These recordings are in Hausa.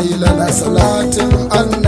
ilaha illa salatu anna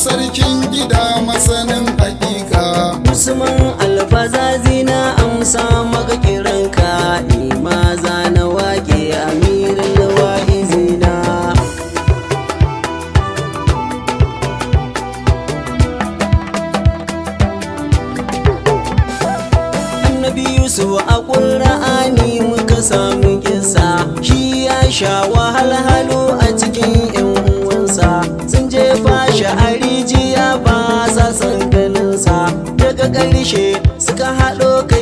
sarkin haɗo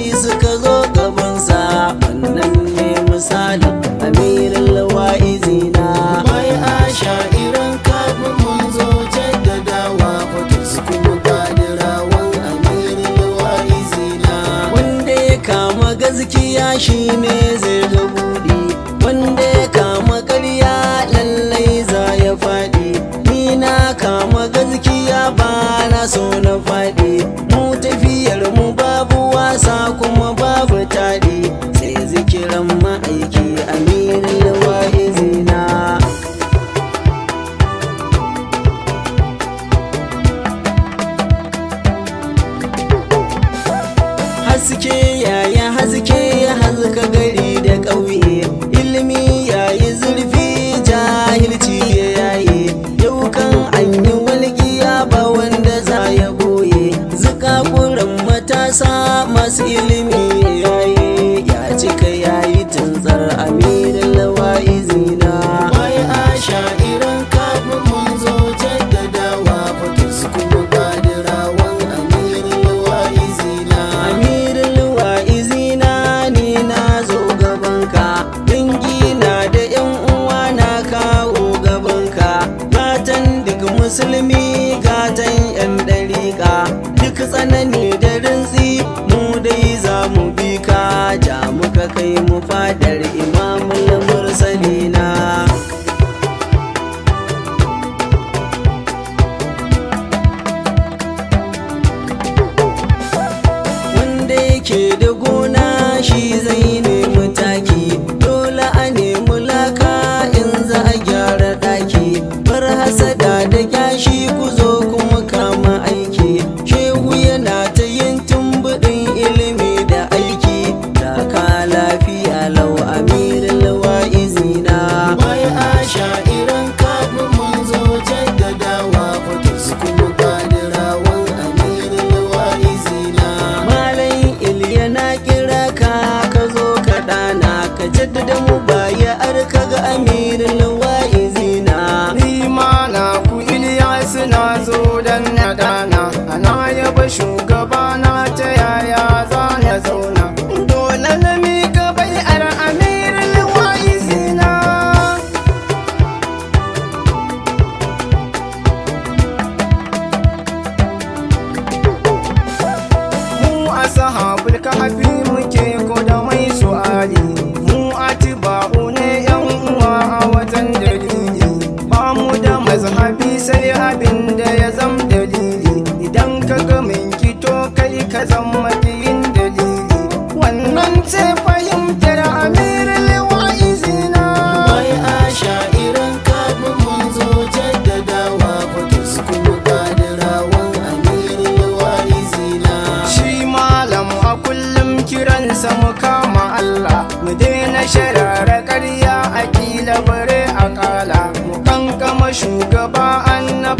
shugaba annaba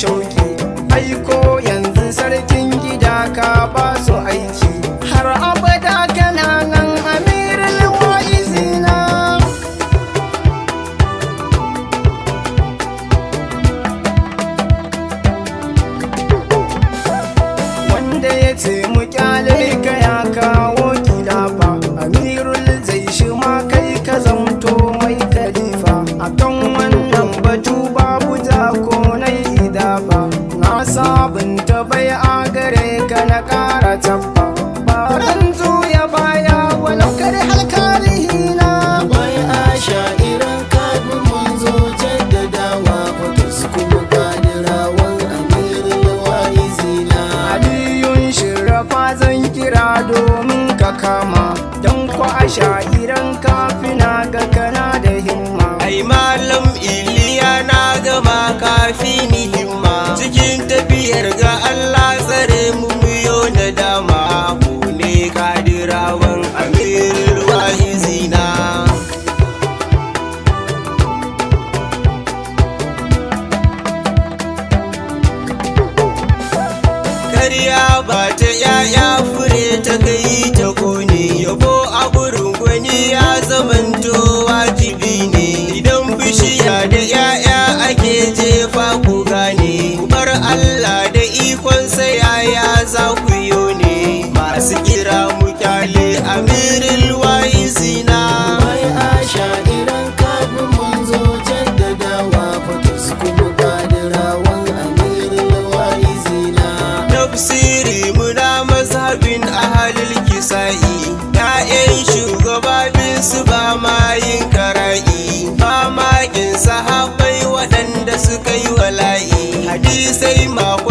shauki aiko yanzu sarkin gida ka ba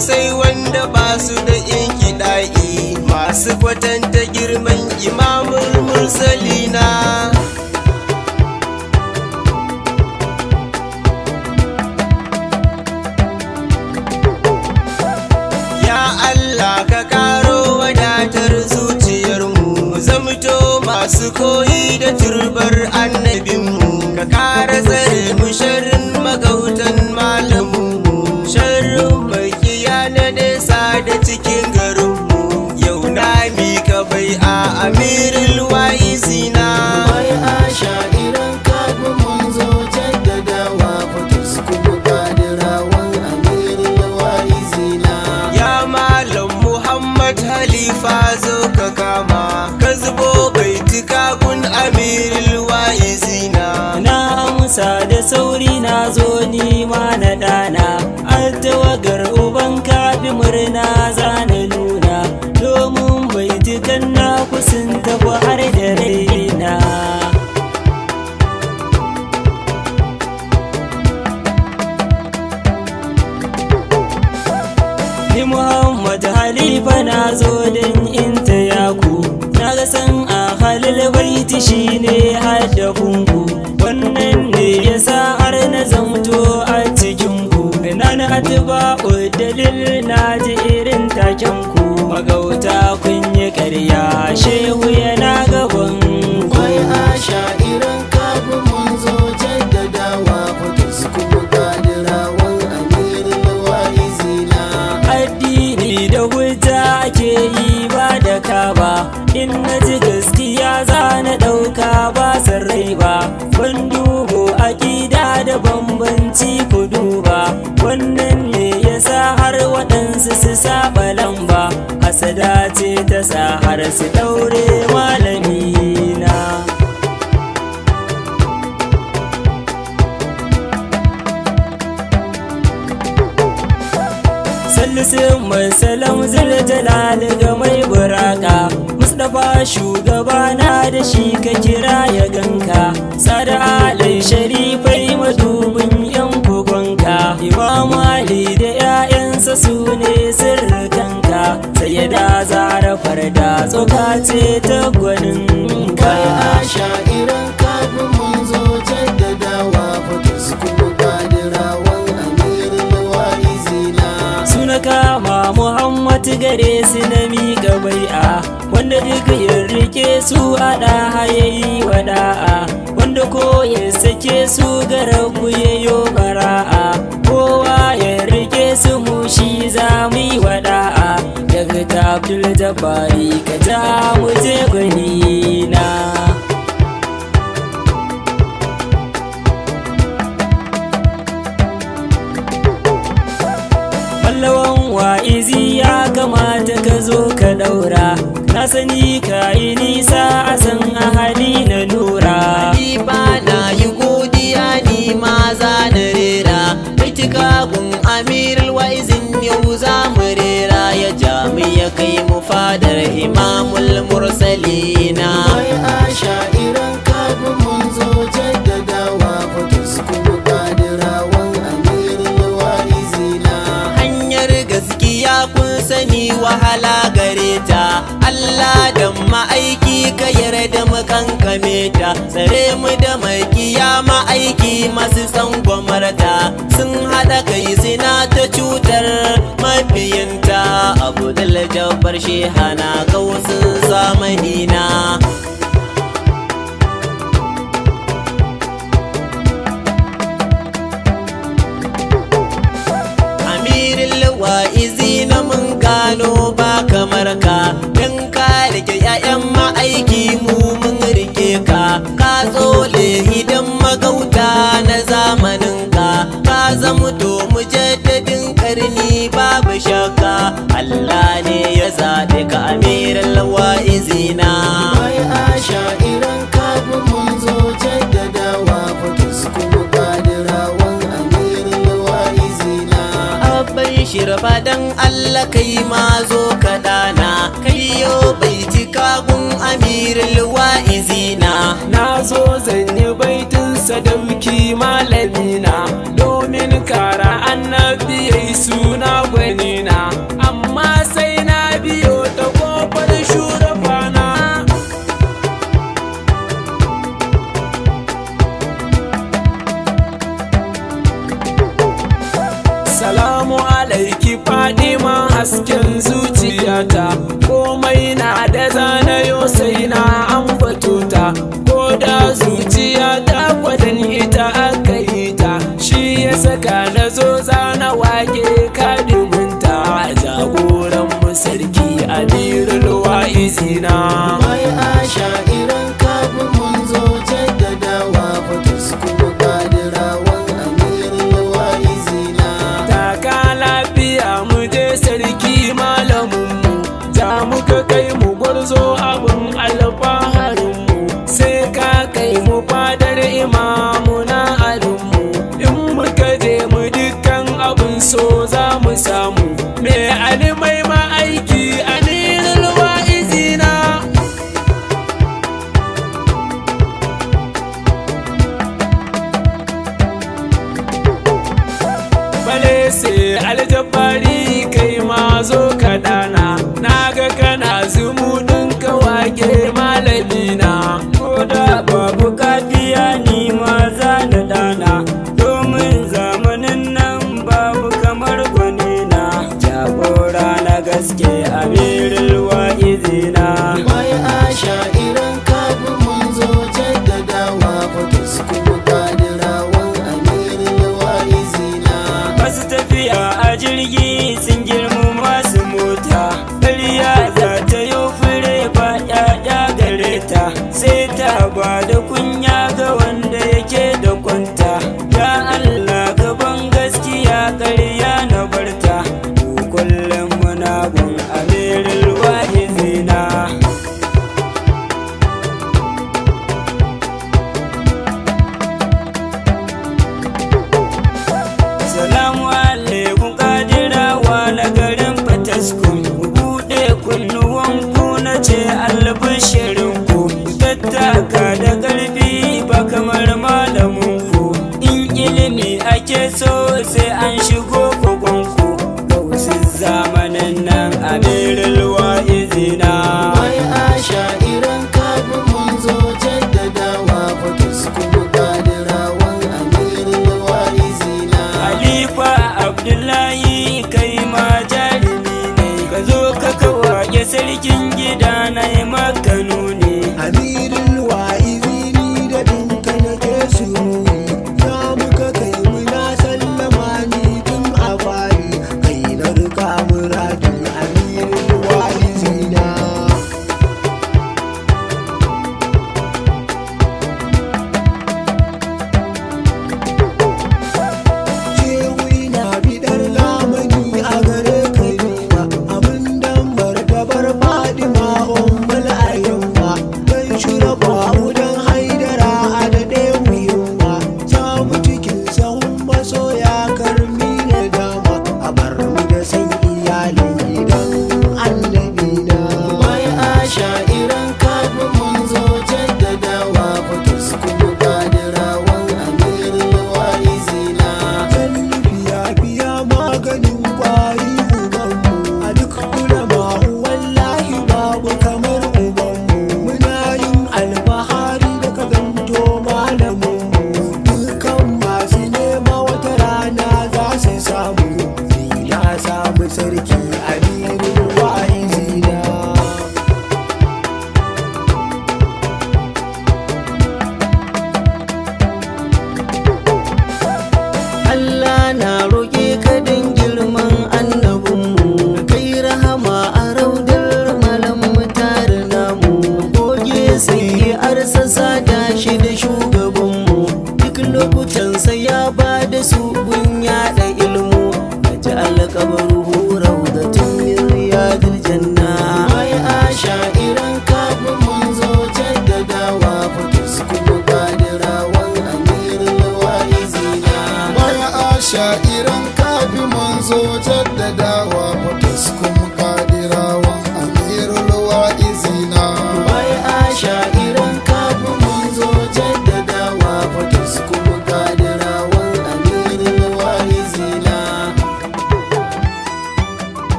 sai wanda ba su da inkidai masu kwatanta girman imamul mursalina ya Allah ka karo wadatar zuciyarmu zamto masu koyi sauri na zo ni ma na ɗana altawagar uban kafi murna za na nuna domin bai tukan na kusin tafi har da raina Ni Muhammad Halifa na zo don in ta yaku na ga san a halil baiti shine har da kunku wannan yasa har na zamto a cikin ku na na atiba dalil na ji irin taken ku magauta kun yi ƙarya shehu yana gaban kwai a sha'irin kafin mun zo jaddadawa fatus kuma kadirawan wa izina. addini da wuta ke yi ba da kaba in na ji sa dace ta sa har su daure malami na salisun musalam zuljalal ga mai buraka mustapha shugaba na da shi ka kira ya ganka sada alai sharifai madubin yan kogonka imam ali da yada zara farda tsoka ce ta gwanin ka a sha'iran kafin mun zo jaddadawa fata su kuma badirawan amirin lawari zina suna kama muhammad gare su na miƙa bai'a wanda duk yin rike su ada hayayi waɗa'a, wanda ko ya sake su garabu yayo kowa ya rike su mu shi za mu yi daga tafil jabari ka ja mu je gwanina Mallawan wa'izi ya kamata ka zo ka ɗaura na sani ka yi nisa a ibadar imamul mursalina wai asha iran kadu mun zo jaddadawa fatisku badirawan amirin warizina hanyar gaskiya kun sani wahala gareta, ta Allah da ma'aiki ka yarda mu kame ta tsare mu da mai kiyama aiki masu san gwamarta sun haɗa kai sina ta cutar mafiyanta abu jabbar shehana kausun zamanina zamani na mun gano ba kamar ka don ka 'ya'yan aiki mu mun rike ka ka tsole idan magauta na zamanin ka ka zamto mujaddadin karni babu shakka Allah ne ya zaɓe ka amiran lawa'izina asha irin mun zo jaddadawa fatus kuma amiran shirfa dan Allah kai ma zo zo zanyi baitin sadauki malamina domin kara annabi yayi suna gwanina dumudin kawage ma